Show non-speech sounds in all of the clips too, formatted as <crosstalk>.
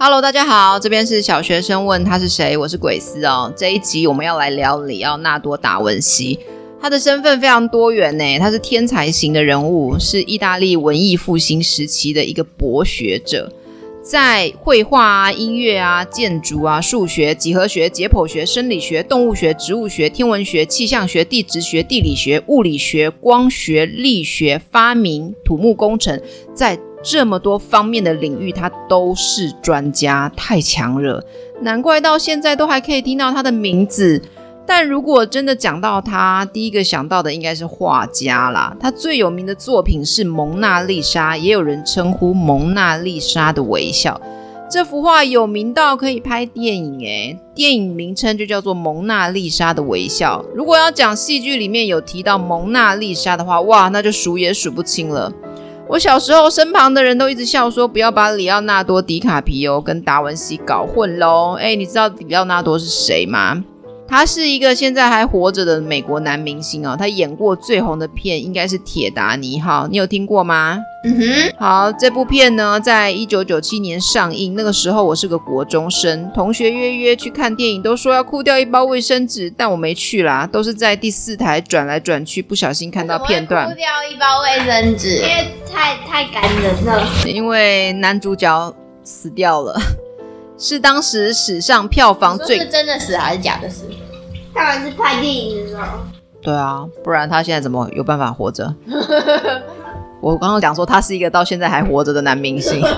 哈嘍，大家好，這邊是小學生問他是誰？我是鬼斯哦。這一集我們要來聊里奧納多·達文西，他的身份非常多元呢、欸。他是天才型的人物，是意大利文藝復興時期的一個博學者，在繪畫啊、音樂啊、建築啊、數學、幾何學、解剖學、生理學、動物學、植物學、天文學、氣象學、地質學、地理學、物理學、光學、力學、發明、土木工程，在。這麼多方面的領域，他都是專家，太強了，難怪到現在都還可以聽到他的名字。但如果真的講到他，第一個想到的應該是畫家啦。他最有名的作品是《蒙娜麗莎》，也有人稱呼《蒙娜麗莎的微笑》。這幅畫有名到可以拍電影誒，電影名稱就叫做《蒙娜麗莎的微笑》。如果要講戲劇裡面有提到蒙娜麗莎的話，哇，那就數也數不清了。我小時候身旁的人都一直笑說，不要把里奧納多·迪卡皮奧跟達文西搞混嘍。誒、欸，你知道里奧納多是誰嗎？他是一個現在還活着的美國男明星哦，他演過最紅的片應該是《鐵達尼號》，你有聽過嗎？嗯哼。好，這部片呢，在一九九七年上映，那個時候我是個國中生，同學約約去看電影，都說要哭掉一包衛生紙，但我沒去啦，都是在第四台轉來轉去，不小心看到片段，哭掉一包衛生紙，因為太太感人了，因為男主角死掉了。是當時史上票房最真的死還是假的死？當然是拍電影的時候，對啊，不然他現在怎麼有辦法活着？ <laughs> 我剛剛講說他是一個到現在還活着的男明星。 <laughs> <laughs>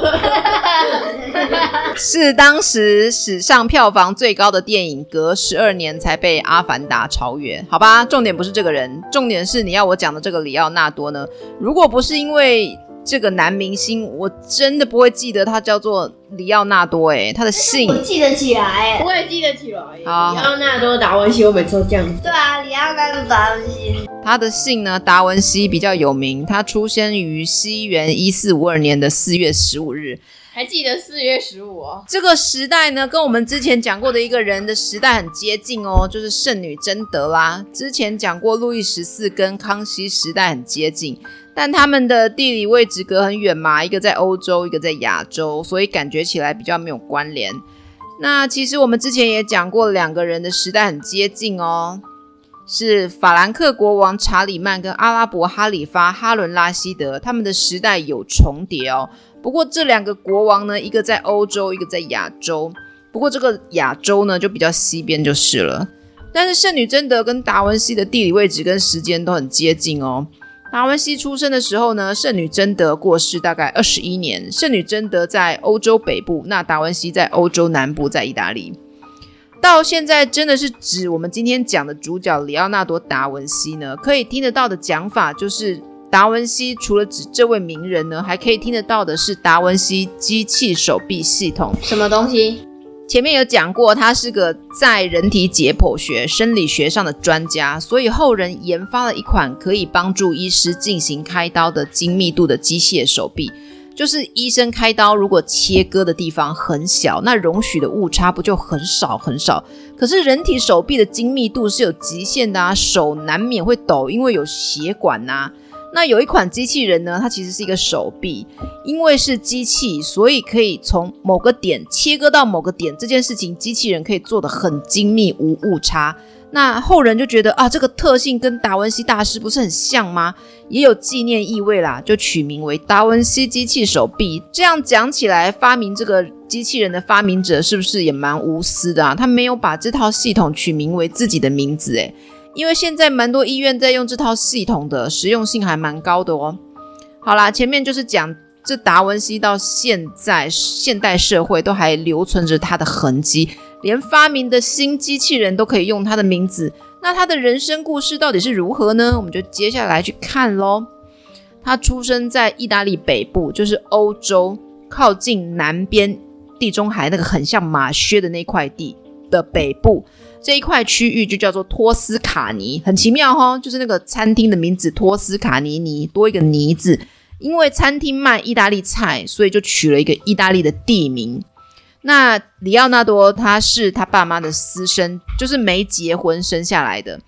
<laughs> 是當時史上票房最高的電影，隔十二年才被《阿凡達》超越。好吧，重點不是這個人，重點是你要我講的這個李奧納多呢？如果不是因為。這個男明星我真的不會記得他叫做里奧納多，誒他的姓我記得起來，我也記得起來。好，里奧納多·達文西，我每次都這樣子。對啊，里奧納多·達文西，他的姓呢？達文西比較有名。他出生於西元一四五二年的四月十五日，還記得四月十五哦。這個時代呢，跟我們之前講過的一個人的時代很接近哦，就是聖女貞德啦。之前講過，路易十四跟康熙時代很接近。但他們的地理位置隔很遠嘛，一個在歐洲，一個在亞洲，所以感覺起來比較沒有關聯。那其實我們之前也講過，兩個人的時代很接近哦，是法蘭克國王查理曼跟阿拉伯哈里發哈倫拉希德，他們的時代有重疊哦。不過這兩個國王呢，一個在歐洲，一個在亞洲，不過這個亞洲呢就比較西邊就是了。但是聖女貞德跟達文西的地理位置跟時間都很接近哦。達文西出生的時候呢，聖女貞德過世大概二十一年。聖女貞德在歐洲北部，那達文西在歐洲南部，在意大利。到現在真的是指我們今天講的主角里奧納多·達文西呢？可以聽得到的講法就是，達文西除了指這位名人呢，還可以聽得到的是達文西機器手臂系統。什麼東西？前面有講過，他是個在人體解剖學、生理學上的專家，所以後人研發了一款可以幫助醫師進行開刀的精密度的機械手臂。就是醫生開刀，如果切割的地方很小，那容許的誤差不就很少很少？可是人體手臂的精密度是有極限的啊，手難免會抖，因為有血管吶啊。那有一款機器人呢，它其實是一個手臂，因為是機器，所以可以從某個點切割到某個點這件事情，機器人可以做得很精密，無誤差。那後人就覺得啊，這個特性跟達文西大師不是很像嗎？也有紀念意味啦，就取名為達文西機器手臂。這樣講起來，發明這個機器人的發明者是不是也蠻無私的啊？他沒有把這套系統取名為自己的名字欸，誒。因為現在蠻多醫院在用這套系統的，實用性還蠻高的哦。好啦，前面就是講這達文西到現在現代社會都還留存着他的痕跡，連發明的新機器人都可以用他的名字。那他的人生故事到底是如何呢？我們就接下來去看咯。他出生在意大利北部，就是歐洲靠近南邊地中海那個很像馬靴的那塊地的北部。這一塊區域就叫做托斯卡尼，很奇妙齁，就是那個餐廳的名字托斯卡尼尼，多一個“尼”字，因為餐廳賣意大利菜，所以就取了一個意大利的地名。那李奧納多他是他爸媽的私生，就是沒結婚生下來的，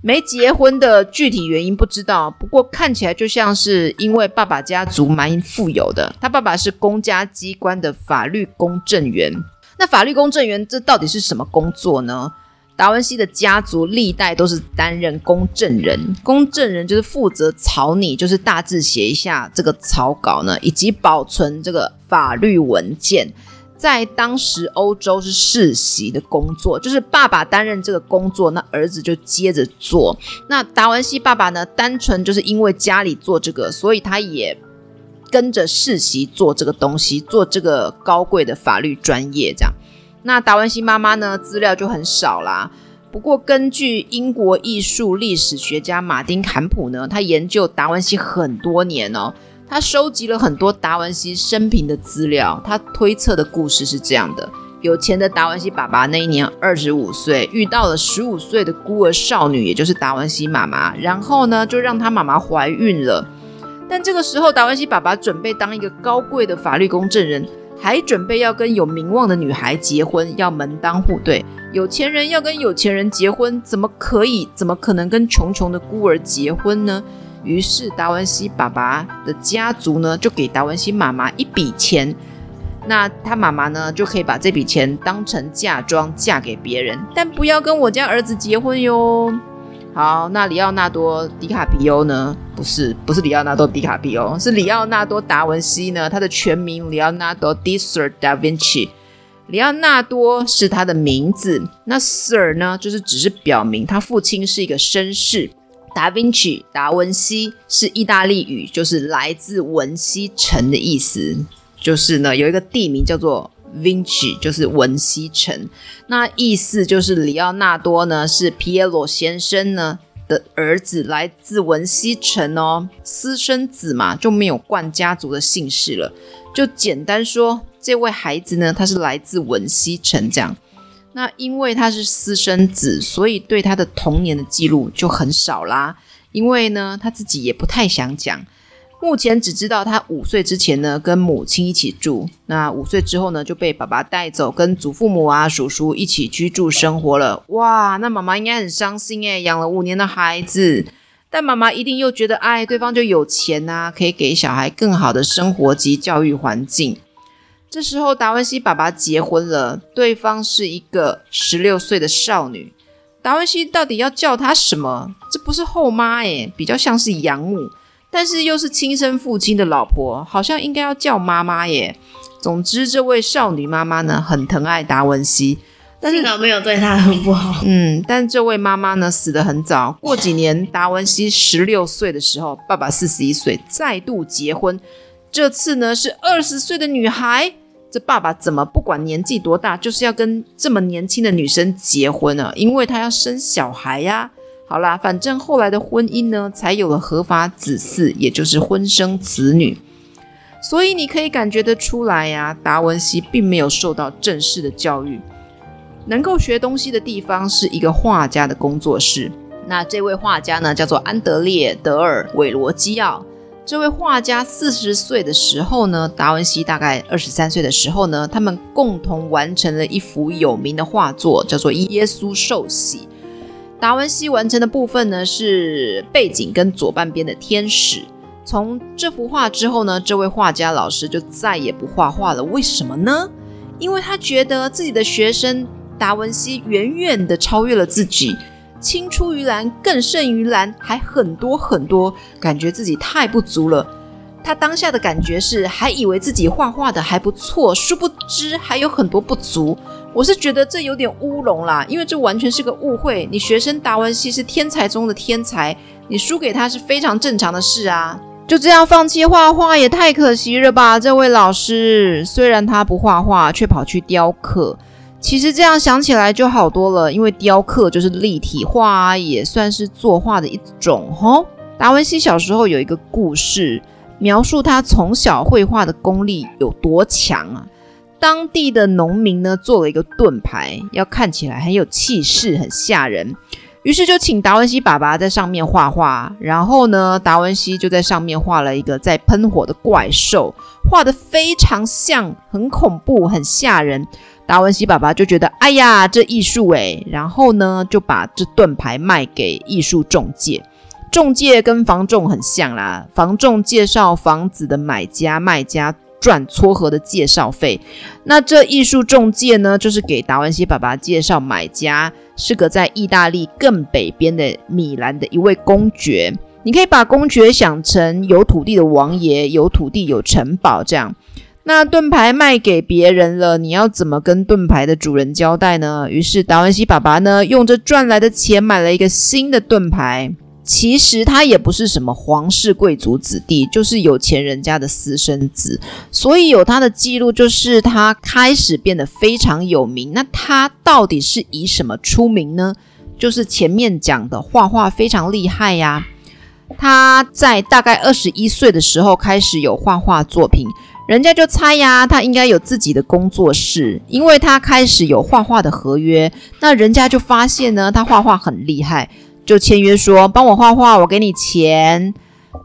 沒結婚的具體原因不知道，不過看起來就像是因為爸爸家族蠻富有的，他爸爸是公家機關的法律公證員。那法律公證員這到底是什麼工作呢？達文西的家族歷代都是擔任公證人，公證人就是負責草擬，就是大致寫一下這個草稿呢，以及保存這個法律文件。在當時歐洲是世襲的工作，就是爸爸擔任這個工作，那兒子就接着做。那達文西爸爸呢，單純就是因為家裡做這個，所以他也跟着世襲做這個東西，做這個高貴的法律專業這樣。那達文西媽媽呢？資料就很少啦。不過根據英國藝術歷史學家馬丁坎普呢，他研究達文西很多年哦，他收集了很多達文西生平的資料。他推測的故事是這樣的：有錢的達文西爸爸那一年二十五歲，遇到了十五歲的孤兒少女，也就是達文西媽媽，然後呢就讓他媽媽懷孕了。但這個時候，達文西爸爸準備當一個高貴的法律公證人。還準備要跟有名望的女孩結婚，要門當戶對，有錢人要跟有錢人結婚，怎麼可以？怎麼可能跟窮窮的孤兒結婚呢？於是達文西爸爸的家族呢，就給達文西媽媽一筆錢，那他媽媽呢，就可以把這筆錢當成嫁妝嫁給別人，但不要跟我家兒子結婚喲。好，那里奧納多·迪卡皮歐呢？不是，不是里奧納多·迪卡皮歐，是里奧納多·達文西呢。他的全名里奧納多·迪 Sir 達文西。里奧納多是他的名字，那 Sir 呢，就是只是表明他父親是一個紳士。達文西，達文西是意大利語，就是來自文西城的意思，就是呢有一個地名叫做。Vinci 就是文西城，那意思就是里奧納多呢是皮耶羅先生呢的兒子，來自文西城哦，私生子嘛就沒有冠家族的姓氏了，就簡單說這位孩子呢，他是來自文西城這樣，那因為他是私生子，所以對他的童年的記錄就很少啦，因為呢他自己也不太想講。目前只知道他五歲之前呢，跟母親一起住。那五歲之後呢，就被爸爸帶走，跟祖父母啊、叔叔一起居住生活了。哇，那媽媽應該很傷心耶，養了五年的孩子。但媽媽一定又覺得，哎，對方就有錢吶、啊，可以給小孩更好的生活及教育環境。這時候達文西爸爸結婚了，對方是一個十六歲的少女。達文西到底要叫她什麼？這不是後媽耶，比較像是養母。但是又是親生父親的老婆，好像應該要叫媽媽耶。總之，這位少女媽媽呢，很疼愛達文西。但是老沒有對她很不好。嗯，但這位媽媽呢，死得很早。過幾年，達文西十六歲的時候，爸爸四十一歲，再度結婚。這次呢，是二十歲的女孩。這爸爸怎麼不管年紀多大，就是要跟這麼年輕的女生結婚呢？因為他要生小孩呀、啊。好啦，反正後來的婚姻呢，才有了合法子嗣，也就是婚生子女。所以你可以感覺得出來呀，達文西並沒有受到正式的教育，能夠學東西的地方是一個畫家的工作室。那這位畫家呢，叫做安德烈·德爾·韋羅基奧。這位畫家四十歲的時候呢，達文西大概二十三歲的時候呢，他們共同完成了一幅有名的畫作，叫做《耶穌受洗》。達文西完成的部分呢，是背景跟左半邊的天使。從這幅畫之後呢，這位畫家老師就再也不畫畫了。為什麼呢？因為他覺得自己的學生達文西遠遠的超越了自己，青出於藍更勝於藍，還很多很多，感覺自己太不足了。他當下的感覺是，還以為自己畫畫的還不錯，殊不知還有很多不足。我是覺得這有點烏龍啦，因為這完全是個誤會。你學生達文西是天才中的天才，你輸給他是非常正常的事啊。就這樣放棄畫畫也太可惜了吧，這位老師。雖然他不畫畫，卻跑去雕刻。其實這樣想起來就好多了，因為雕刻就是立體畫，也算是作畫的一種。吼、哦，達文西小時候有一個故事，描述他從小繪畫的功力有多強啊。當地的農民呢，做了一個盾牌，要看起來很有氣勢、很嚇人，於是就請達文西爸爸在上面畫畫。然後呢，達文西就在上面畫了一個在噴火的怪獸，畫得非常像，很恐怖、很嚇人。達文西爸爸就覺得，哎呀，這藝術哎，然後呢，就把這盾牌賣給藝術中介，中介跟房仲很像啦，房仲介紹房子的買家、賣家。賺撮合的介紹費，那這藝術仲介呢，就是給達文西爸爸介紹買家，是個在意大利更北邊的米蘭的一位公爵。你可以把公爵想成有土地的王爺，有土地有城堡這樣。那盾牌賣給別人了，你要怎麼跟盾牌的主人交代呢？於是達文西爸爸呢，用著賺來的錢買了一個新的盾牌。其實他也不是什麼皇室貴族子弟，就是有錢人家的私生子，所以有他的記錄，就是他開始變得非常有名。那他到底是以什麼出名呢？就是前面講的畫畫非常厲害呀。他在大概二十一歲的時候開始有畫畫作品，人家就猜呀，他應該有自己的工作室，因為他開始有畫畫的合約。那人家就發現呢，他畫畫很厲害。就簽約說幫我畫畫，我給你錢。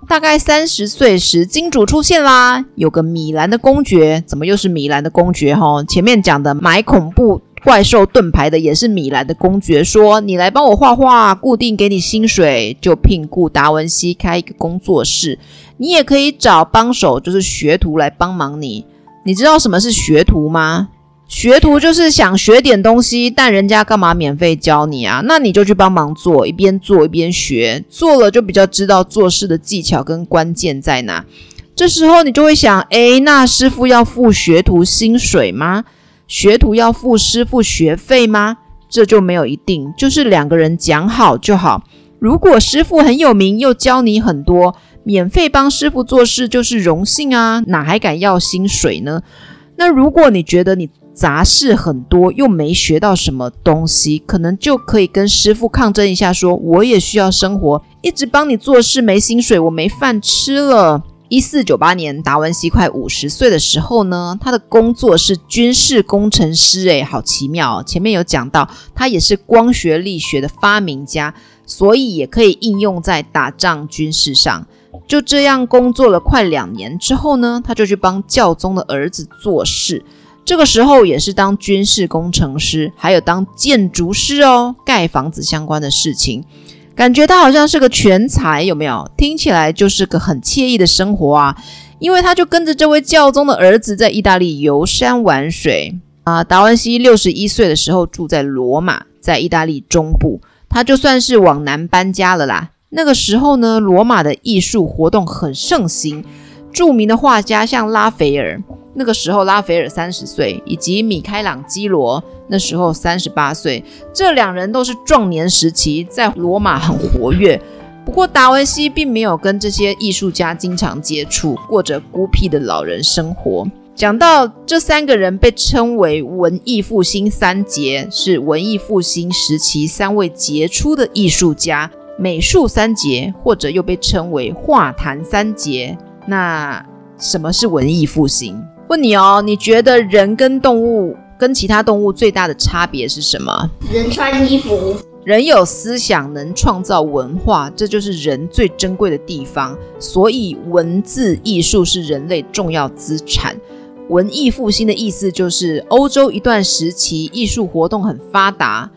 大概三十歲時，金主出現啦，有個米蘭的公爵，怎麼又是米蘭的公爵？吼，前面講的買恐怖怪獸盾牌的也是米蘭的公爵，說你來幫我畫畫，固定給你薪水，就聘雇達文西開一個工作室，你也可以找幫手，就是學徒來幫忙你。你知道什麼是學徒嗎？學徒就是想學點東西，但人家幹嘛免費教你啊？那你就去幫忙做，一邊做一邊學，做了就比較知道做事的技巧跟關鍵在哪。這時候你就會想，誒，那師傅要付學徒薪水嗎？學徒要付師傅學費嗎？這就沒有一定，就是兩個人講好就好。如果師傅很有名，又教你很多，免費幫師傅做事就是榮幸啊，哪還敢要薪水呢？那如果你覺得你……雜事很多，又沒學到什麼東西，可能就可以跟師父抗爭一下說，說我也需要生活，一直幫你做事沒薪水，我沒飯吃了。一四九八年，達文西快五十歲的時候呢，他的工作是軍事工程師誒，誒好奇妙哦！前面有講到，他也是光學力學的發明家，所以也可以應用在打仗軍事上。就這樣工作了快兩年之後呢，他就去幫教宗的兒子做事。這個時候也是當軍事工程師，還有當建築師哦，蓋房子相關的事情，感覺他好像是個全才，有沒有？聽起來就是個很愜意的生活啊，因為他就跟着這位教宗的兒子在意大利遊山玩水啊。達文西六十一歲的時候住在羅馬，在意大利中部，他就算是往南搬家了啦。那個時候呢，羅馬的藝術活動很盛行，著名的畫家像拉斐爾。那個時候，拉斐爾三十歲，以及米開朗基羅那時候三十八歲，這兩人都是壯年時期，在羅馬很活躍。不過，達文西並沒有跟這些藝術家經常接觸，過着孤僻的老人生活。講到這三個人被稱為文藝復興三傑，是文藝復興時期三位傑出的藝術家，美術三傑，或者又被稱為畫壇三傑。那什麼是文藝復興？問你哦，你覺得人跟動物、跟其他動物最大的差別是什麼？人穿衣服，人有思想，能創造文化，這就是人最珍貴的地方。所以，文字、藝術是人類重要資產。文藝復興的意思就是歐洲一段時期藝術活動很發達。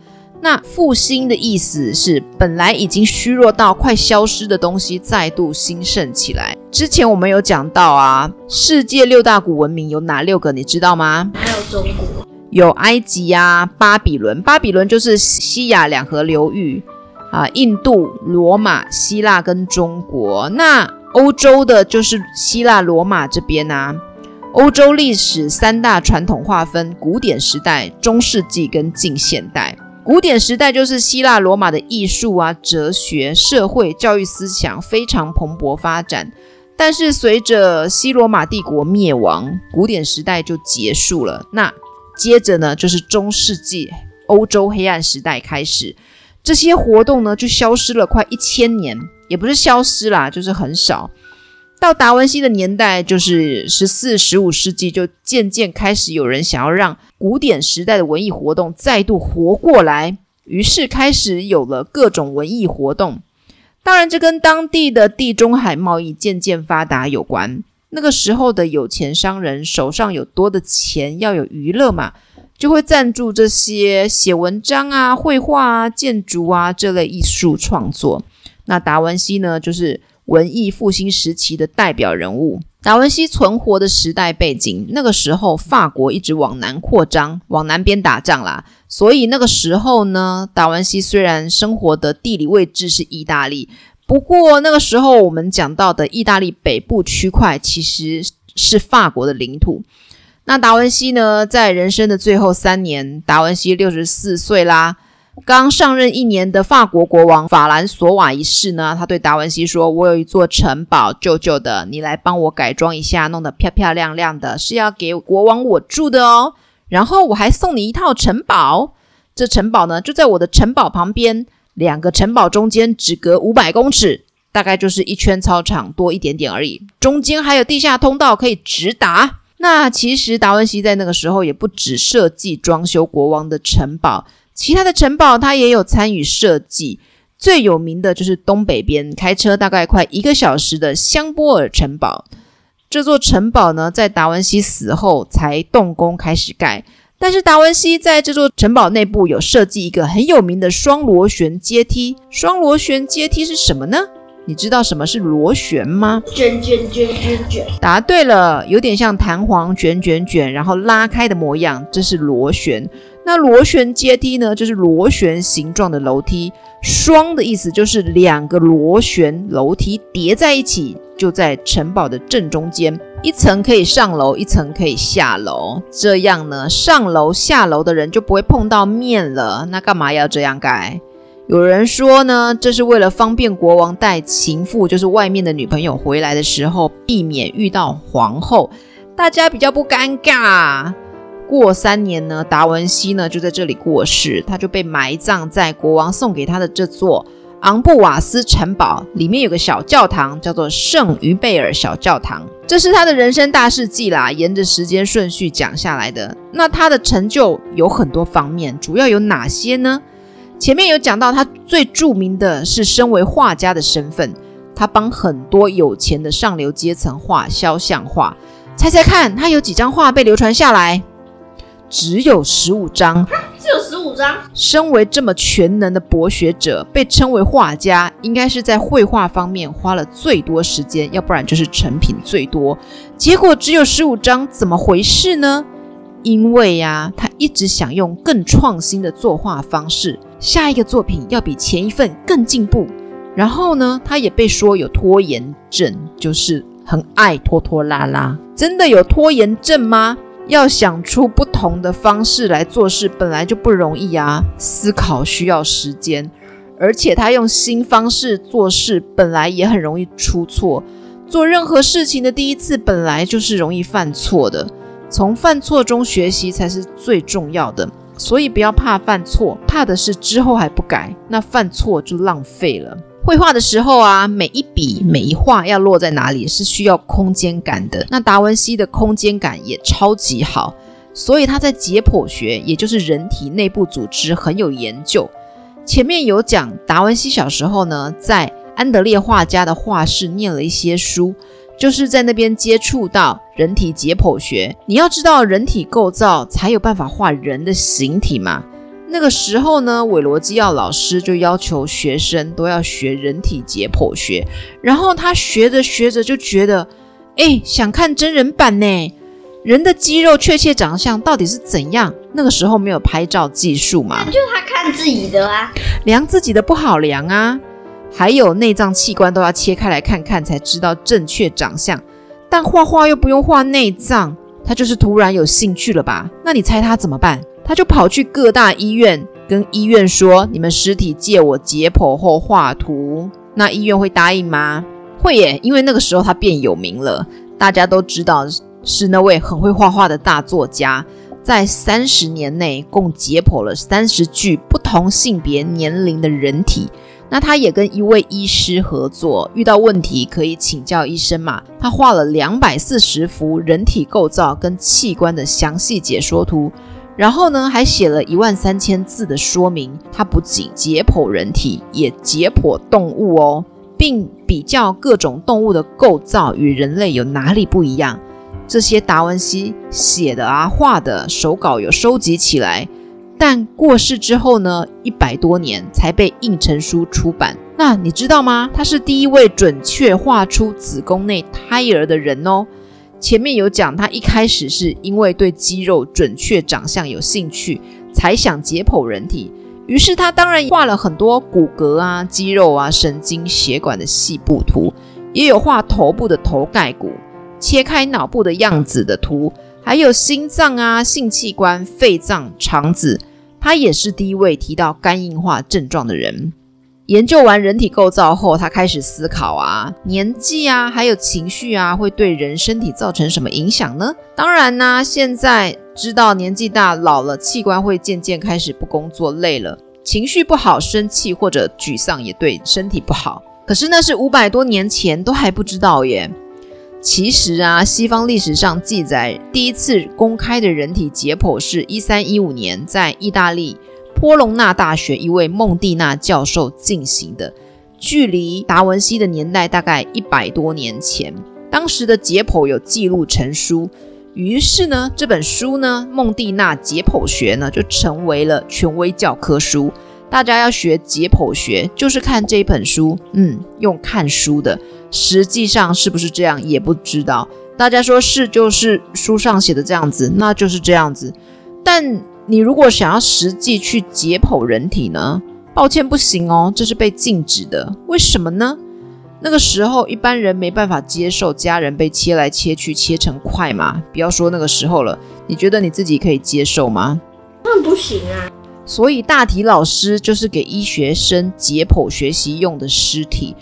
那復興的意思是，本來已經虛弱到快消失的東西再度興盛起來。之前我們有講到啊，世界六大古文明有哪六個？你知道嗎？還有中國，有埃及啊，巴比倫。巴比倫就是西亞兩河流域啊，印度、羅馬、希臘跟中國。那歐洲的就是希臘、羅馬這邊啊。歐洲歷史三大傳統劃分：古典時代、中世紀跟近現代。古典時代就是希臘、羅馬的藝術啊、哲學、社會、教育思想，非常蓬勃發展，但是隨着西羅馬帝國滅亡，古典時代就結束了。那接着呢，就是中世紀歐洲黑暗時代開始，這些活動呢，就消失了快一千年，也不是消失啦，就是很少。到達文西的年代，就是十四、十五世紀，就漸漸開始有人想要讓古典時代的文藝活動再度活過來，於是開始有了各種文藝活動。當然，這跟當地的地中海貿易漸漸發達有關。那個時候的有錢商人手上有多的錢，要有娛樂嘛，就會贊助這些寫文章啊、繪畫啊、建築啊這類藝術創作。那達文西呢，就是文藝復興時期的代表人物達文西存活的時代背景。那個時候法國一直往南擴張，往南邊打仗啦。所以那個時候呢，達文西雖然生活的地理位置是意大利，不過那個時候我們講到的意大利北部區塊其實是法國的領土。那達文西呢，在人生的最後三年，達文西六十四歲啦。剛上任一年的法國國王法蘭索瓦一世呢，他對達文西說：“我有一座城堡，舊舊的，你來幫我改裝一下，弄得漂漂亮亮的，是要給國王我住的哦。然後我還送你一套城堡，這城堡呢，就在我的城堡旁邊，兩個城堡中間只隔五百公尺，大概就是一圈操場多一點點而已，中間還有地下通道可以直達。那其實達文西在那個時候也不只設計裝修國王的城堡。”其他的城堡，它也有參與設計。最有名的就是東北邊，開車大概快一個小時的香波爾城堡。這座城堡呢，在達文西死後才動工開始蓋。但是達文西在這座城堡內部有設計一個很有名的雙螺旋階梯。雙螺旋階梯是什麼呢？你知道什麼是螺旋嗎？捲捲捲捲捲捲。答對了，有點像彈簧捲捲捲捲，然後拉開的模樣，這是螺旋。那螺旋階梯呢，就是螺旋形狀的樓梯。雙的意思就是兩個螺旋樓梯疊在一起，就在城堡的正中間。一層可以上樓，一層可以下樓。這樣呢，上樓下樓的人就不會碰到面了。那幹嘛要這樣蓋？有人說呢，這是為了方便國王帶情婦，就是外面的女朋友回來的時候，避免遇到皇後。大家比較不尷尬。過三年呢，達文西呢就在這裡過世，他就被埋葬在國王送給他的這座昂布瓦斯城堡裡面有個小教堂，叫做聖於貝爾小教堂。這是他的人生大事記啦，沿着時間順序講下來的。那他的成就有很多方面，主要有哪些呢？前面有講到，他最著名的是身為畫家的身份，他幫很多有錢的上流階層畫肖像畫。猜猜看，他有幾張畫被流傳下來？只有十五張，只有十五張。身為這麼全能的博學者，被稱為畫家，應該是在繪畫方面花了最多時間，要不然就是成品最多。結果只有十五張，怎麼回事呢？因為呀，他一直想用更創新的作畫方式，下一個作品要比前一份更進步。然後呢，他也被說有拖延症，就是很愛拖拖拉拉。真的有拖延症嗎？要想出不。同的方式來做事本來就不容易啊，思考需要時間，而且他用新方式做事本來也很容易出錯。做任何事情的第一次本來就是容易犯錯的，從犯錯中學習才是最重要的。所以不要怕犯錯，怕的是之後還不改，那犯錯就浪費了。繪畫的時候啊，每一筆每一畫要落在哪裡是需要空間感的。那達文西的空間感也超級好。所以他在解剖學，也就是人體內部組織，很有研究。前面有講達文西小時候呢，在安德烈畫家的畫室念了一些書，就是在那邊接觸到人體解剖學。你要知道人體構造，才有辦法畫人的形體嘛。那個時候呢，韋羅基奧老師就要求學生都要學人體解剖學。然後他學着學着就覺得，哎，想看真人版呢。人的肌肉確切長相到底是怎樣？那個時候沒有拍照技術嗎？就他看自己的啊，量自己的不好量啊，還有內臟器官都要切開來看看才知道正確長相。但畫畫又不用畫內臟，他就是突然有興趣了吧？那你猜他怎麼辦？他就跑去各大醫院跟醫院說：“你們屍體借我解剖後畫圖。”那醫院會答應嗎？會耶，因為那個時候他變有名了，大家都知道。是那位很會畫畫的大作家，在三十年內共解剖了三十具不同性別、年齡的人體。那他也跟一位醫師合作，遇到問題可以請教醫生嘛。他畫了兩百四十幅人體構造跟器官的詳細解說圖，然後呢，還寫了一萬三千字的說明。他不僅解剖人體，也解剖動物哦，並比較各種動物的構造與人類有哪裡不一樣。這些達文西寫的啊、畫的手稿有收集起來，但過世之後呢，一百多年才被印成書出版。那你知道嗎？他是第一位準確畫出子宮內胎兒的人哦。前面有講，他一開始是因為對肌肉準確長相有興趣，才想解剖人體。於是他當然畫了很多骨骼啊、肌肉啊、神經血管的細部圖，也有畫頭部的頭蓋骨。切開腦部的樣子的圖，還有心臟啊、性器官、肺臟、腸子，他也是第一位提到肝硬化症狀的人。研究完人體構造後，他開始思考啊，年紀啊，還有情緒啊，會對人身體造成什麼影響呢？當然呢、啊，現在知道年紀大老了，器官會漸漸開始不工作，累了，情緒不好，生氣或者沮喪也對身體不好。可是那是五百多年前，都還不知道耶。其實啊，西方歷史上記載第一次公開的人體解剖，是一三一五年，在意大利波隆納大學一位孟蒂娜教授進行的，距離達文西的年代大概一百多年前。當時的解剖有記錄成書，於是呢，這本書呢，《孟蒂娜解剖學》呢，就成為了權威教科書。大家要學解剖學，就是看這一本書，嗯，用看書的。實際上是不是這樣也不知道。大家說是就是書上寫的這樣子，那就是這樣子。但你如果想要實際去解剖人體呢？抱歉，不行哦，這是被禁止的。為什麼呢？那個時候一般人沒辦法接受家人被切來切去，切成塊嘛。不要說那個時候了，你覺得你自己可以接受嗎？那、嗯、不行啊。所以大體老師就是給醫學生解剖學習用的屍體。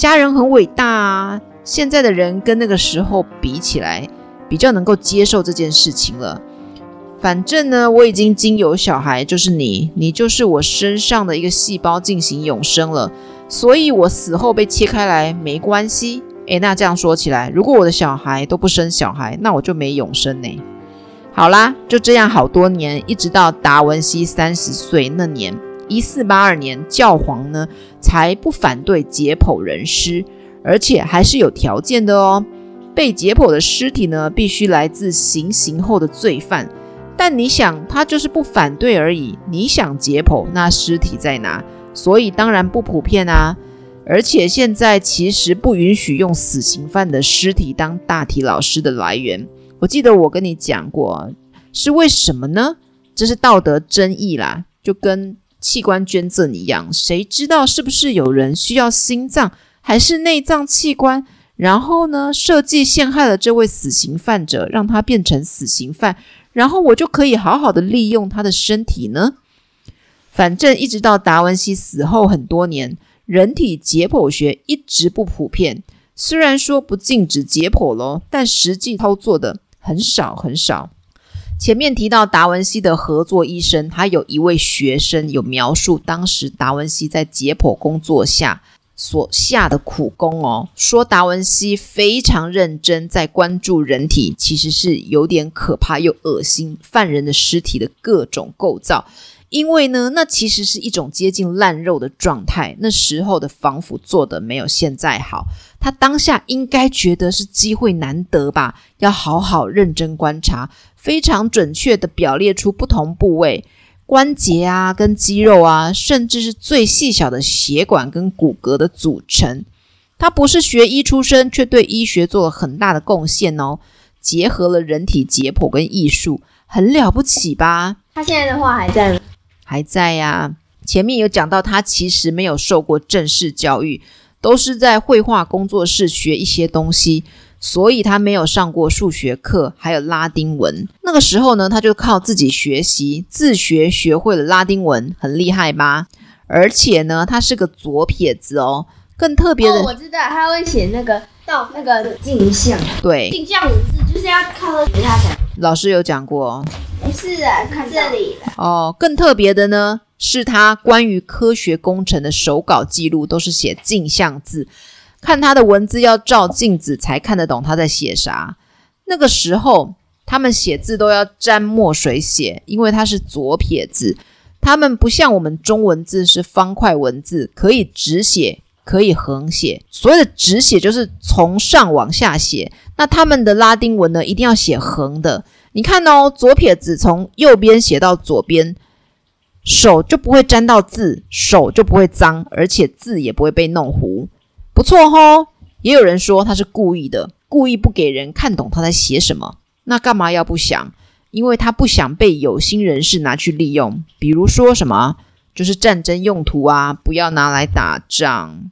家人很偉大啊！現在的人跟那個時候比起來，比較能夠接受這件事情了。反正呢，我已經經有小孩，就是你，你就是我身上的一個細胞，進行永生了。所以我死後被切開來沒關係。誒。那這樣說起來，如果我的小孩都不生小孩，那我就沒永生呢。好啦，就這樣好多年，一直到達文西三十歲那年。一四八二年，教皇呢才不反對解剖人屍，而且還是有條件的哦。被解剖的屍體呢，必須來自行刑後的罪犯。但你想，他就是不反對而已。你想解剖，那屍體在哪？所以當然不普遍啊。而且現在其實不允許用死刑犯的屍體當大體老師的來源。我記得我跟你講過，是為什麼呢？這是道德爭議啦，就跟……器官捐贈一樣，誰知道是不是有人需要心臟，還是內臟器官？然後呢，設計陷害了這位死刑犯者，讓他變成死刑犯，然後我就可以好好的利用他的身體呢？反正一直到達文西死後很多年，人體解剖學一直不普遍。雖然說不禁止解剖嘍，但實際操作的很少很少。前面提到達文西的合作醫生，他有一位學生有描述當時達文西在解剖工作下所下的苦功哦，說達文西非常認真在關注人體，其實是有點可怕又噁心，犯人的屍體的各種構造，因為呢，那其實是一種接近爛肉的狀態，那時候的防腐做得沒有現在好，他當下應該覺得是機會難得吧，要好好認真觀察。非常準確地表列出不同部位、關節啊，跟肌肉啊，甚至是最細小的血管跟骨骼的組成。他不是學醫出身，卻對醫學做了很大的貢獻哦。結合了人體解剖跟藝術，很了不起吧？他現在的話還在？還在呀、啊。前面有講到，他其實沒有受過正式教育，都是在繪畫工作室學一些東西。所以他沒有上過數學課，還有拉丁文。那個時候呢，他就靠自己學習自學學會了拉丁文，很厲害吧？而且呢，他是個左撇子哦。更特別的，哦、我知道他會寫那個到那個鏡像。對，鏡像文字就是要靠他，給他講。老師有講過哦。不是、啊，看這裡哦，更特別的呢，是他關於科學工程的手稿記錄都是寫鏡像字。看他的文字要照鏡子才看得懂他在寫啥。那個時候他們寫字都要沾墨水寫，因為他是左撇子。他們不像我們中文字是方塊文字，可以直寫，可以橫寫。所謂的直寫就是從上往下寫。那他們的拉丁文呢，一定要寫橫的。你看哦，左撇子從右邊寫到左邊，手就不會沾到字，手就不會髒，而且字也不會被弄糊。不錯吼、哦，也有人說他是故意的，故意不給人看懂他在寫什麼。那幹嘛要不想？因為他不想被有心人士拿去利用，比如說什麼就是戰爭用途啊，不要拿來打仗。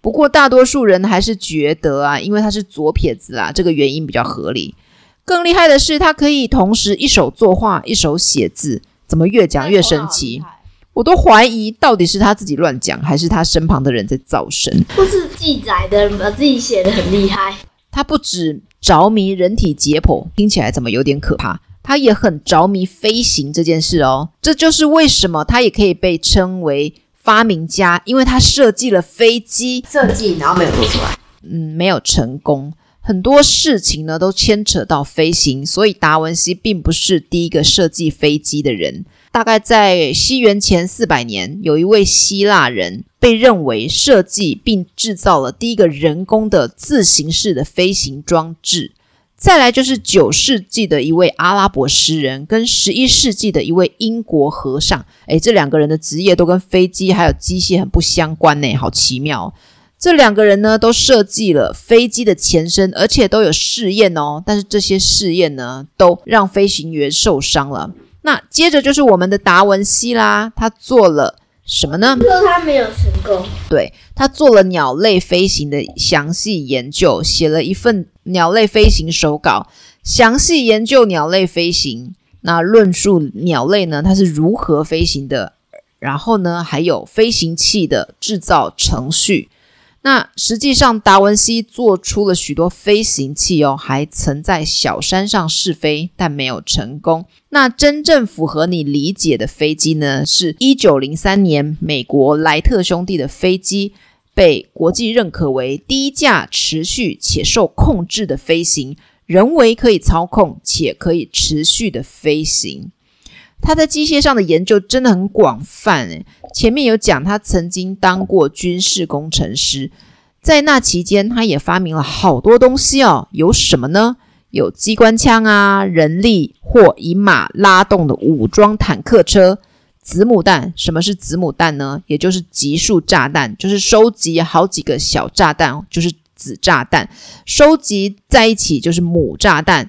不過大多數人還是覺得啊，因為他是左撇子啦、啊，這個原因比較合理。更厲害的是，他可以同時一手作畫，一手寫字，怎麼越講越神奇？哎我都懷疑到底是他自己亂講，還是他身旁的人在造神？不是記載的人，把自己寫得很厲害。他不只着迷人體解剖，聽起來怎麼有點可怕？他也很着迷飛行這件事哦。這就是為什麼他也可以被稱為發明家，因為他設計了飛機，設計然後沒有做出來。嗯，沒有成功。很多事情呢都牽扯到飛行，所以達文西並不是第一個設計飛機的人。大概在西元前四百年，有一位希臘人被認為設計並制造了第一個人工的自行式的飛行裝置。再來就是九世紀的一位阿拉伯詩人跟十一世紀的一位英國和尚。哎、欸，這兩個人的職業都跟飛機還有機械很不相關呢、欸，好奇妙！這兩個人呢，都設計了飛機的前身，而且都有試驗哦。但是這些試驗呢，都讓飛行員受傷了。那接着就是我們的達文西啦，他做了什麼呢？他說他沒有成功。對，他做了鳥類飛行的詳細研究，寫了一份鳥類飛行手稿，詳細研究鳥類飛行。那論述鳥類呢，它是如何飛行的？然後呢，還有飛行器的制造程序。那實際上，達文西做出了許多飛行器哦，還曾在小山上試飛，但沒有成功。那真正符合你理解的飛機呢？是1903年美國萊特兄弟的飛機，被國際認可為第一架持續且受控制的飛行，人為可以操控且可以持續的飛行。他在機械上的研究真的很廣泛誒。前面有講，他曾經當過軍事工程師，在那期間，他也發明了好多東西哦。有什麼呢？有機關槍啊，人力或以馬拉動的武裝坦克車，子母彈。什麼是子母彈呢？也就是集束炸彈，就是收集好幾個小炸彈，就是子炸彈，收集在一起就是母炸彈。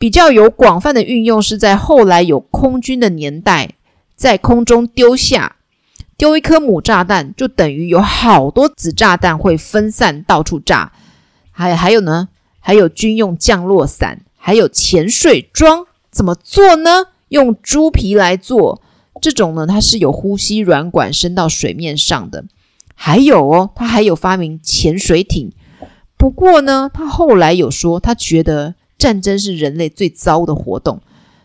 比較有廣泛的運用是在後來有空軍的年代，在空中丟下，丟一顆母炸彈，就等於有好多子炸彈會分散到處炸。還還有呢，還有軍用降落傘，還有潛水裝，怎麼做呢？用豬皮來做。這種呢，它是有呼吸軟管伸到水面上的。還有哦，他還有發明潛水艇。不過呢，他後來有說，他覺得。戰爭是人類最糟的活動，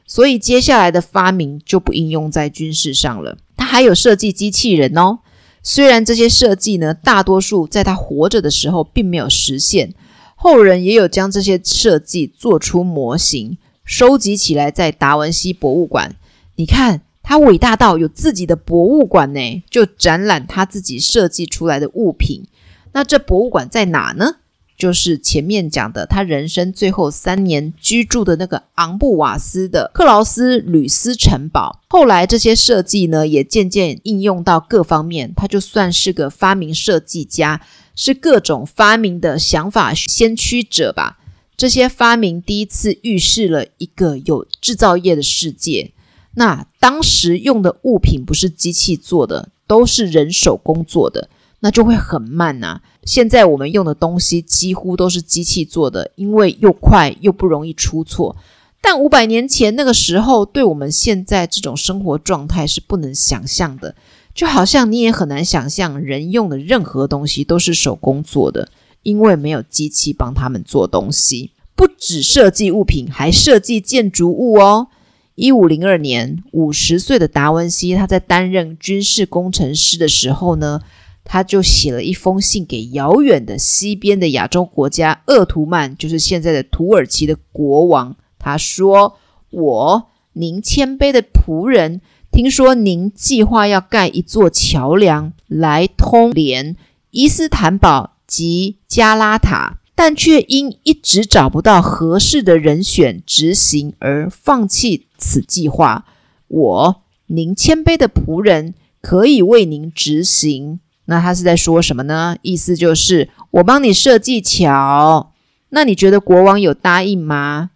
所以接下來的發明就不應用在軍事上了。他還有設計機器人哦，雖然這些設計呢，大多數在他活着的時候並沒有實現，後人也有將這些設計做出模型，收集起來在達文西博物館。你看，他偉大到有自己的博物館呢，就展覽他自己設計出來的物品。那這博物館在哪呢？就是前面講的，他人生最後三年居住的那個昂布瓦斯的克勞斯呂斯城堡。後來這些設計呢，也漸漸應用到各方面。他就算是個發明設計家，是各種發明的想法先驅者吧。這些發明第一次預示了一個有製造業的世界。那當時用的物品不是機器做的，都是人手工做的。那就會很慢吶、啊。現在我們用的東西幾乎都是機器做的，因為又快又不容易出錯。但五百年前那個時候，對我們現在這種生活狀態是不能想象的。就好像你也很難想象，人用的任何東西都是手工做的，因為沒有機器幫他們做東西。不止設計物品，還設計建築物哦。一五零二年，五十歲的達文西，他在擔任軍事工程師的時候呢。他就寫了一封信給遙遠的西邊的亞洲國家鄂圖曼，就是現在的土耳其的國王。他說：“我，您謙卑的僕人，聽說您計劃要蓋一座橋樑來通連伊斯坦堡及加拉塔，但卻因一直找不到合適的人選執行而放棄此計劃。我，您謙卑的僕人，可以為您執行。”那他是在說什麼呢？意思就是我幫你設計橋，那你覺得國王有答應嗎？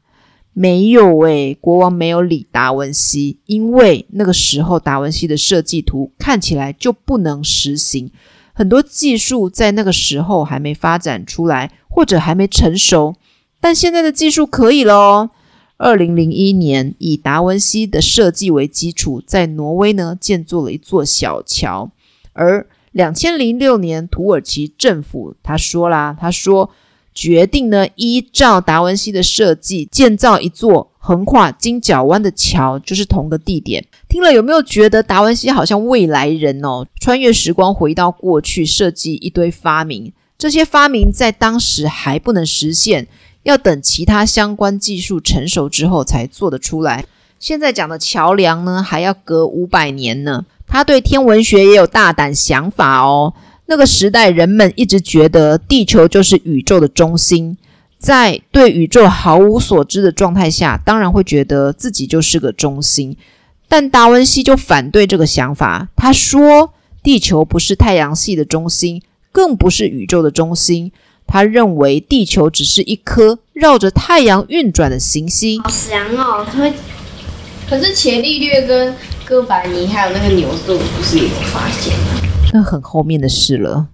沒有，誒，國王沒有理達文西，因為那個時候達文西的設計圖看起來就不能實行，很多技術在那個時候還沒發展出來或者還沒成熟，但現在的技術可以嘍。二零零一年，以達文西的設計為基礎，在挪威呢建造了一座小橋，而。兩千零六年，土耳其政府他說啦，他說決定呢，依照達文西的設計建造一座橫跨金角灣的橋，就是同個地點。聽了有沒有覺得達文西好像未來人哦，穿越時光回到過去設計一堆發明？這些發明在當時還不能實現，要等其他相關技術成熟之後才做得出來。現在講的橋樑呢，還要隔五百年呢。他對天文學也有大膽想法哦。那個時代，人們一直覺得地球就是宇宙的中心，在對宇宙毫無所知的狀態下，當然會覺得自己就是個中心。但達文西就反對這個想法，他說：地球不是太陽系的中心，更不是宇宙的中心。他認為地球只是一顆繞着太陽運轉的行星。好想哦！他可是伽利略跟。哥白尼還有那個牛頓，不是也有，有發現嗎？那很後面的事了。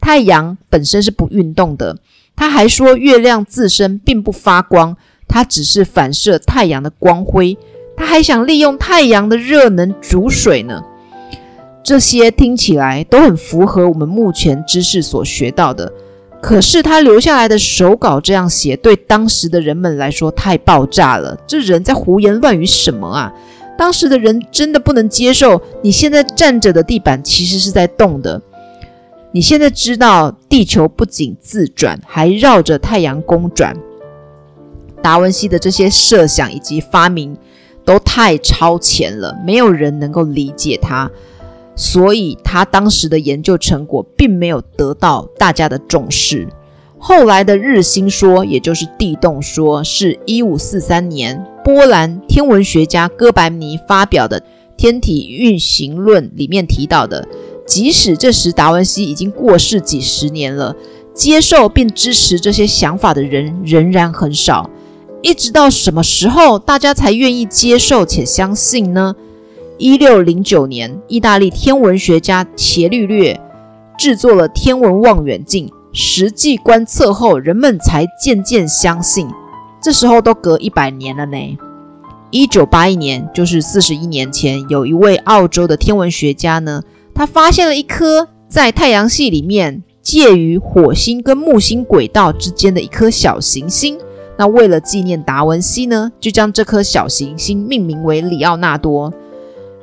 太陽本身是不運動的。他還說月亮自身並不發光，它只是反射太陽的光輝。他還想利用太陽的熱能煮水呢。這些聽起來都很符合我們目前知識所學到的。可是他留下來的手稿這樣寫，對當時的人們來說太爆炸了。這人在胡言亂語什麼啊？當時的人真的不能接受，你現在站着的地板其實是在動的。你現在知道，地球不僅自轉，還繞着太陽公轉。達文西的這些設想以及發明都太超前了，沒有人能夠理解他，所以他當時的研究成果並沒有得到大家的重視。後來的日心說，也就是地動說，是一五四三年。波蘭天文學家哥白尼發表的《天體運行論》裡面提到的，即使這時達文西已經過世幾十年了，接受並支持這些想法的人仍然很少。一直到什麼時候，大家才願意接受且相信呢？一六零九年，意大利天文學家伽利略制作了天文望遠鏡，實際觀測後，人們才漸漸相信。這時候都隔一百年了呢，一九八一年，就是四十一年前，有一位澳洲的天文學家呢，他發現了一顆在太陽系裡面介於火星跟木星軌道之間的一顆小行星。那為了紀念達文西呢，就將這顆小行星命名為里奧納多。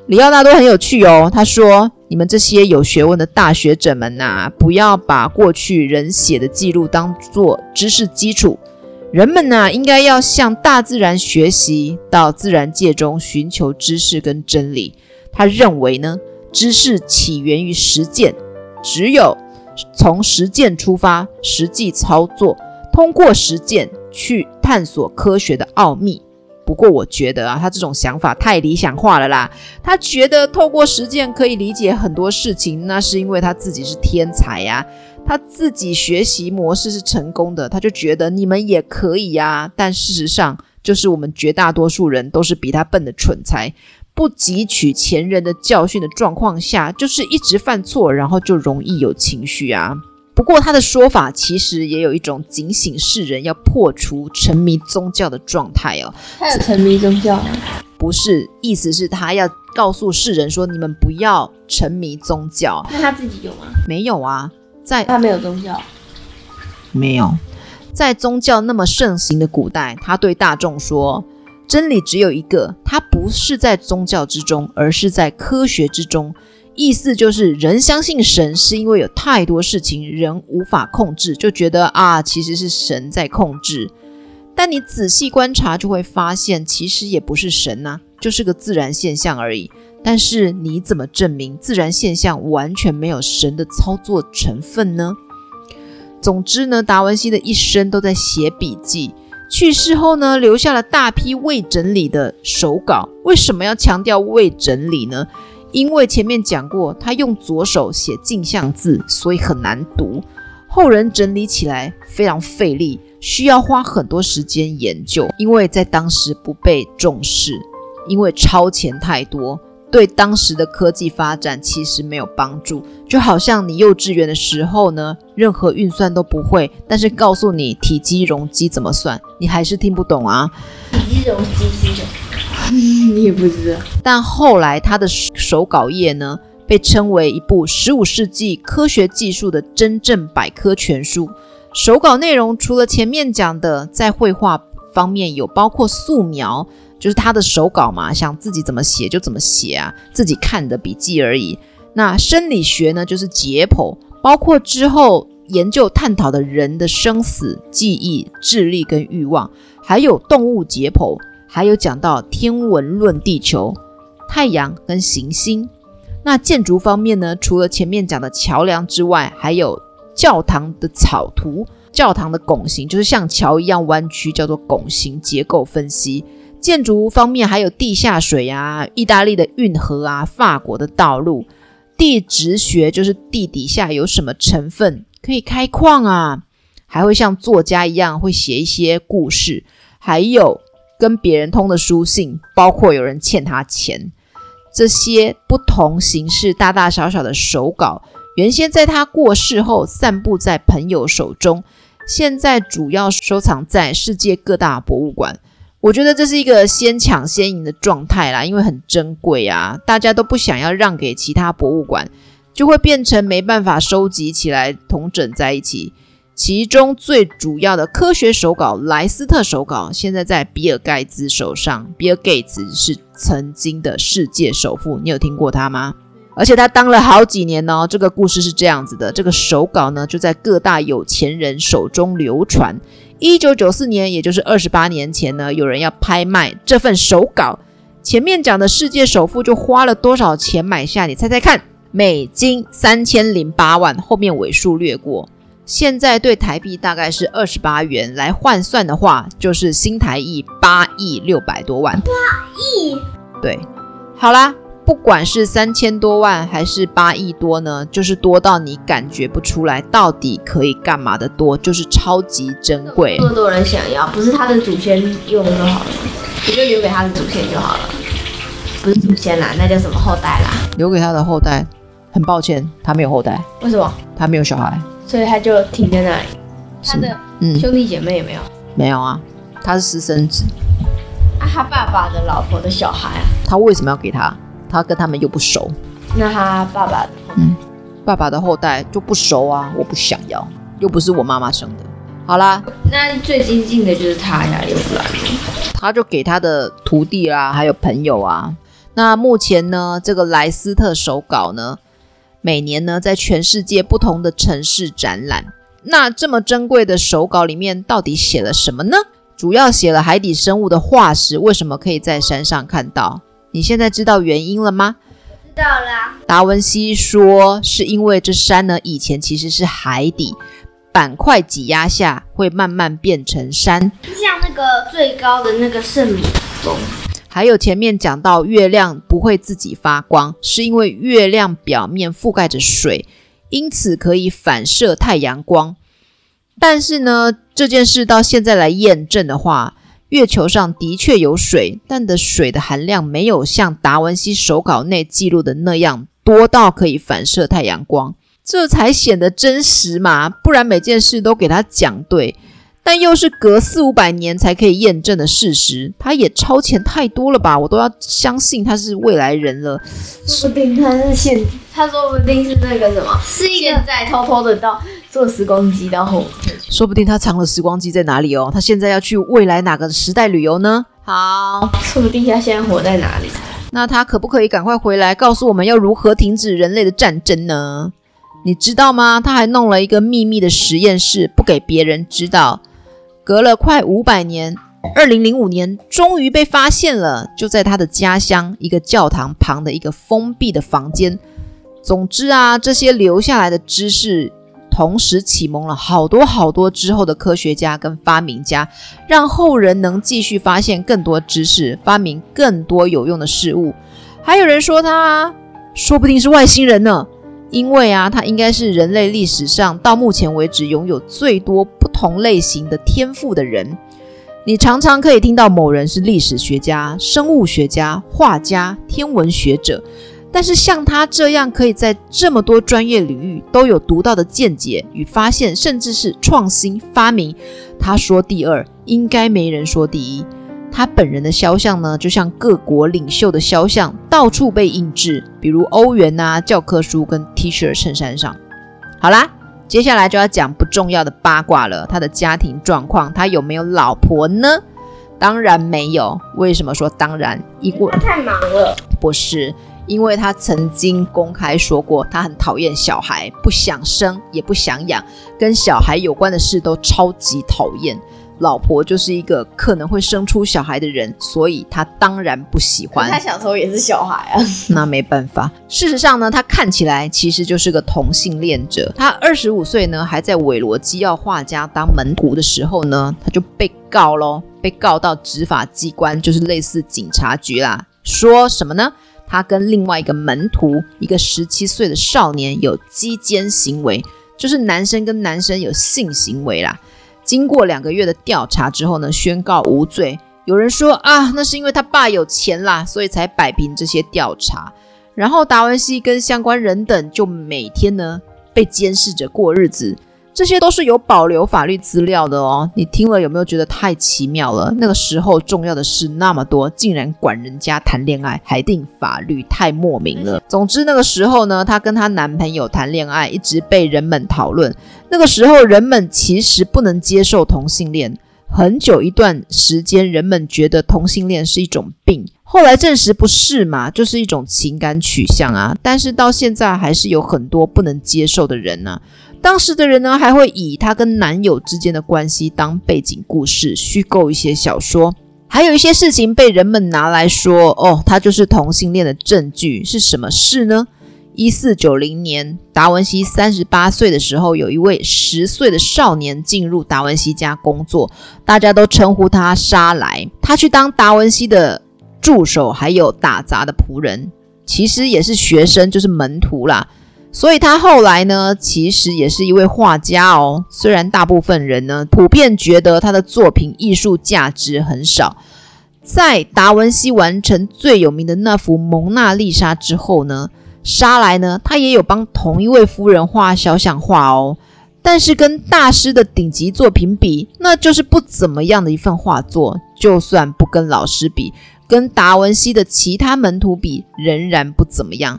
里奧納多很有趣哦，他說：“你們這些有學問的大學者們吶、啊，不要把過去人寫的記錄當做知識基礎。”人們呢、啊，應該要向大自然學習，到自然界中尋求知識跟真理。他認為呢，知識起源於實踐，只有從實踐出發，實際操作，通過實踐去探索科學的奧秘。不過，我覺得啊，他這種想法太理想化了啦。他覺得透過實踐可以理解很多事情，那是因為他自己是天才呀、啊。他自己學習模式是成功的，他就覺得你們也可以啊。但事實上，就是我們絕大多數人都是比他笨的蠢材，不汲取前人的教訓的狀況下，就是一直犯錯，然後就容易有情緒啊。不過他的說法其實也有一種警醒世人要破除沉迷宗教的狀態哦。他有沉迷宗教嗎？不是，意思是，他要告訴世人說，你們不要沉迷宗教。那他自己有嗎？沒有啊。在，他沒有宗教，沒有，在宗教那麼盛行的古代，他對大眾說，真理只有一個，它不是在宗教之中，而是在科學之中。意思就是，人相信神是因為有太多事情人無法控制，就覺得啊，其實是神在控制。但你仔細觀察，就會發現，其實也不是神吶、啊，就是個自然現象而已。但是你怎麼證明自然現象完全沒有神的操作成分呢？總之呢，達文西的一生都在寫筆記，去世後呢，留下了大批未整理的手稿。為什麼要強調未整理呢？因為前面講過，他用左手寫鏡像字，所以很難讀。後人整理起來非常費力，需要花很多時間研究，因為在當時不被重視，因為超前太多。對當時的科技發展其實沒有幫助，就好像你幼稚園的時候呢，任何運算都不會，但是告訴你體積容積怎麼算，你還是聽不懂啊。體積容積是什麼？你也不知道。但後來他的手稿頁呢，被稱為一部十五世紀科學技術的真正百科全書。手稿內容除了前面講的，在繪畫方面有包括素描。就是他的手稿嘛，想自己怎麼寫就怎麼寫啊，自己看的筆記而已。那生理學呢，就是解剖，包括之後研究探討的人的生死、記憶、智力跟慾望，還有動物解剖，還有講到天文論地球、太陽跟行星。那建築方面呢，除了前面講的橋樑之外，還有教堂的草圖，教堂的拱形，就是像橋一樣彎曲，叫做拱形結構分析。建築方面還有地下水啊，意大利的運河啊，法國的道路，地質學就是地底下有什麼成分可以開礦啊，還會像作家一樣會寫一些故事，還有跟別人通的書信，包括有人欠他錢，這些不同形式大大小小的手稿，原先在他過世後散布在朋友手中，現在主要收藏在世界各大博物館。我覺得這是一個先搶先贏的狀態啦，因為很珍貴啊，大家都不想要讓給其他博物館，就會變成沒辦法收集起來統整在一起。其中最主要的科學手稿——萊斯特手稿，現在在比爾蓋茨手上。比爾蓋茨是曾經的世界首富，你有聽過他嗎？而且他當了好幾年哦。這個故事是這樣子的：這個手稿呢，就在各大有錢人手中流傳。一九九四年，也就是二十八年前呢，有人要拍賣這份手稿。前面講的世界首富就花了多少錢買下？你猜猜看，美金三千零八萬，後面尾數略過。現在對台幣大概是二十八元來換算的話，就是新台幣八億六百多萬。八億，對，好啦。不管是三千多萬還是八億多呢，就是多到你感覺不出來到底可以幹嘛的多，就是超級珍貴。這麼多人想要，不是他的祖先用就好了，我就留給他的祖先就好了。不是祖先啦，那叫什麼後代啦？留給他的後代。很抱歉，他沒有後代。為什麼？他沒有小孩。所以他就停在那裡。他的兄弟姐妹有沒有，嗯？沒有啊，他是私生子。啊，他爸爸的老婆的小孩啊。他為什麼要給他？他跟他們又不熟，那他爸爸的，嗯，爸爸的後代就不熟啊！我不想要，又不是我媽媽生的。好啦，那最精近親近的就是他呀，又不來，他就給他的徒弟啦、啊，還有朋友啊。那目前呢，這個萊斯特手稿呢，每年呢在全世界不同的城市展覽。那這麼珍貴的手稿裡面到底寫了什麼呢？主要寫了海底生物的化石，為什麼可以在山上看到？你現在知道原因了嗎？知道啦、啊。達文西說，是因為這山呢，以前其實是海底板塊擠壓下，會慢慢變成山，像那個最高的那個聖米峰。還有前面講到，月亮不會自己發光，是因為月亮表面覆蓋着水，因此可以反射太陽光。但是呢，這件事到現在來驗證的話，月球上的確有水，但的水的含量沒有像達文西手稿內記錄的那樣多到可以反射太陽光，這才顯得真實嘛，不然每件事都給他講對。但又是隔四五百年才可以驗證的事實，他也超前太多了吧？我都要相信他是未來人了。說不定他是現，他說不定是那個什麼，是現在偷偷的到做時光機到，到後說不定他藏了時光機在哪裡哦？他現在要去未來哪個時代旅遊呢？好，說不定他現在活在哪裡？那他可不可以趕快回來，告訴我們要如何停止人類的戰爭呢？你知道嗎？他還弄了一個秘密的實驗室，不給別人知道。隔了快五百年，二零零五年終於被發現了，就在他的家鄉一個教堂旁的一個封閉的房間。總之啊，這些留下來的知識，同時啟蒙了好多好多之後的科學家跟發明家，讓後人能繼續發現更多知識，發明更多有用的事物。還有人說他，他說不定是外星人呢，因為啊，他應該是人類歷史上到目前為止擁有最多。同類型的天賦的人，你常常可以聽到某人是歷史學家、生物學家、畫家、天文學者。但是像他這樣可以在這麼多專業領域都有獨到的見解與發現，甚至是創新發明，他說第二應該沒人說第一。他本人的肖像呢，就像各國領袖的肖像，到處被印制，比如歐元啊、教科書跟 T 恤襯衫上。好啦。接下來就要講不重要的八卦了，他的家庭狀況，他有沒有老婆呢？當然沒有。為什麼說當然？因為他太忙了，不是，因為他曾經公開說過，他很討厭小孩，不想生也不想養，跟小孩有關的事都超級討厭。老婆就是一個可能會生出小孩的人，所以他當然不喜歡。他小時候也是小孩啊， <laughs> 那沒辦法。事實上呢，他看起來其實就是個同性戀者。他二十五歲呢，還在韋羅基奧畫家當門徒的時候呢，他就被告嘍，被告到執法機關，就是類似警察局啦。說什麼呢？他跟另外一個門徒，一個十七歲的少年有雞姦行為，就是男生跟男生有性行為啦。經過兩個月的調查之後呢，宣告無罪。有人說啊，那是因為他爸有錢啦，所以才擺平這些調查。然後達文西跟相關人等就每天呢，被監視着過日子。這些都是有保留法律資料的哦。你聽了有沒有覺得太奇妙了？那個時候重要的事那麼多，竟然管人家談戀愛還定法律，太莫名了。總之那個時候呢，他跟他男朋友談戀愛一直被人們討論。那個時候人們其實不能接受同性戀，很久一段時間人們覺得同性戀是一種病。後來證實不是嘛，就是一種情感取向啊。但是到現在還是有很多不能接受的人呢、啊。當時的人呢，還會以他跟男友之間的關係當背景故事，虛構一些小說。還有一些事情被人們拿來說，哦，他就是同性戀的證據，是什麼事呢？一四九零年，達文西三十八歲的時候，有一位十歲的少年進入達文西家工作，大家都稱呼他沙萊，他去當達文西的助手，還有打雜的僕人，其實也是學生，就是門徒啦。所以他後來呢，其實也是一位畫家哦。雖然大部分人呢，普遍覺得他的作品藝術價值很少。在達文西完成最有名的那幅《蒙娜麗莎》之後呢，沙萊呢，他也有幫同一位夫人畫肖像畫哦。但是跟大師的頂級作品比，那就是不怎麼樣的一份畫作。就算不跟老師比，跟達文西的其他門徒比，仍然不怎麼樣。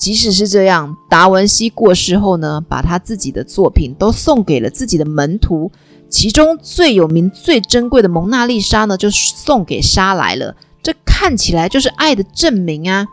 即使是這樣，達文西過世後呢，把他自己的作品都送給了自己的門徒，其中最有名、最珍貴的《蒙娜麗莎》呢，就送給沙萊了。這看起來就是愛的證明啊！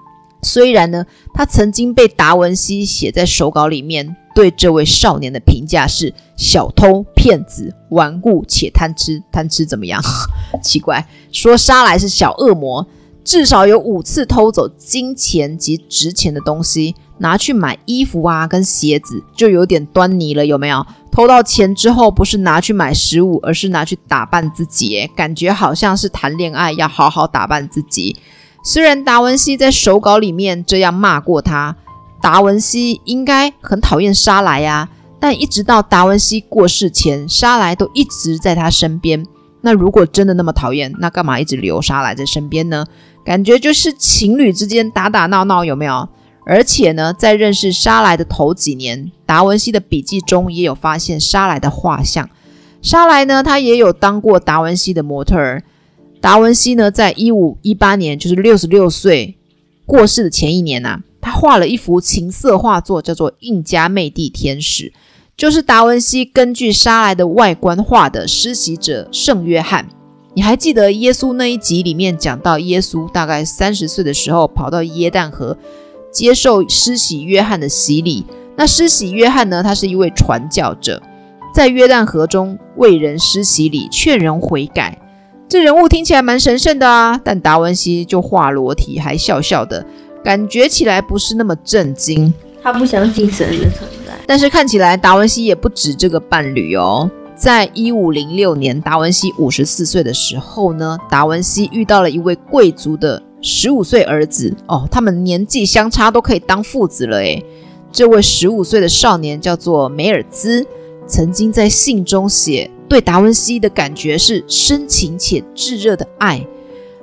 雖然呢，他曾經被達文西寫在手稿裡面，對這位少年的評價是“小偷、騙子、頑固且貪吃”，貪吃怎麼樣？ <laughs> 奇怪，說沙萊是小惡魔。至少有五次偷走金錢及值錢的東西，拿去買衣服啊跟鞋子，就有點端倪了，有沒有？偷到錢之後不是拿去買食物，而是拿去打扮自己，感覺好像是談戀愛要好好打扮自己。雖然達文西在手稿裡面這樣罵過他，達文西應該很討厭沙萊呀、啊，但一直到達文西過世前，沙萊都一直在他身邊。那如果真的那麼討厭，那幹嘛一直留沙萊在身邊呢？感覺就是情侶之間打打鬧鬧有沒有？而且呢，在認識莎萊的頭幾年，達文西的筆記中也有發現莎萊的畫像。莎萊呢，他也有當過達文西的模特兒。達文西呢，在一五一八年，就是六十六歲過世的前一年啊，他畫了一幅情色畫作，叫做《印加魅蒂天使》，就是達文西根據莎萊的外觀畫的《施洗者聖約翰》。你還記得耶穌那一集裡面講到，耶穌大概三十歲的時候跑到約旦河接受施洗約翰的洗禮。那施洗約翰呢？他是一位傳教者，在約旦河中為人施洗禮，勸人悔改。這人物聽起來蠻神聖的啊！但達文西就畫裸體還笑笑的，感覺起來不是那麼震驚。他不相信神的存在，但是看起來達文西也不止這個伴侶哦。在一五零六年，達文西五十四歲的時候呢，達文西遇到了一位貴族的十五歲兒子哦，他們年紀相差都可以當父子了誒，這位十五歲的少年叫做梅爾茲，曾經在信中寫對達文西的感覺是深情且炙熱的愛。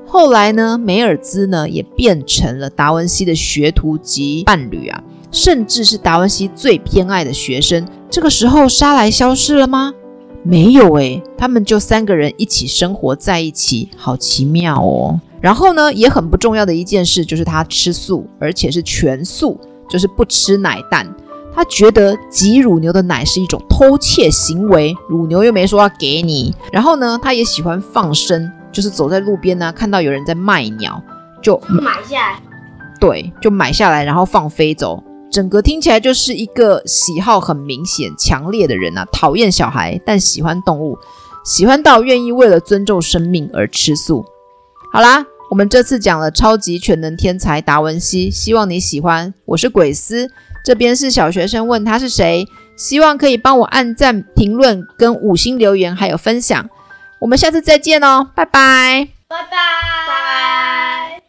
後來呢，梅爾茲呢也變成了達文西的學徒及伴侶啊，甚至是達文西最偏愛的學生。這個時候，沙萊消失了嗎？沒有欸，他們就三個人一起生活在一起，好奇妙哦。然後呢，也很不重要的一件事就是他吃素，而且是全素，就是不吃奶蛋。他覺得擠乳牛的奶是一種偷竊行為，乳牛又沒說要給你。然後呢，他也喜歡放生，就是走在路邊呢，看到有人在賣鳥，就買下來。對，就買下來，然後放飛走。整個聽起來就是一個喜好很明顯、強烈的人吶、啊，討厭小孩，但喜歡動物，喜歡到願意為了尊重生命而吃素。好啦，我們這次講了超級全能天才達文西，希望你喜歡。我是鬼斯，這邊是小學生問他是誰，希望可以幫我按讚、評論、跟五星留言，還有分享。我們下次再見哦，拜拜，拜拜，拜拜。拜拜。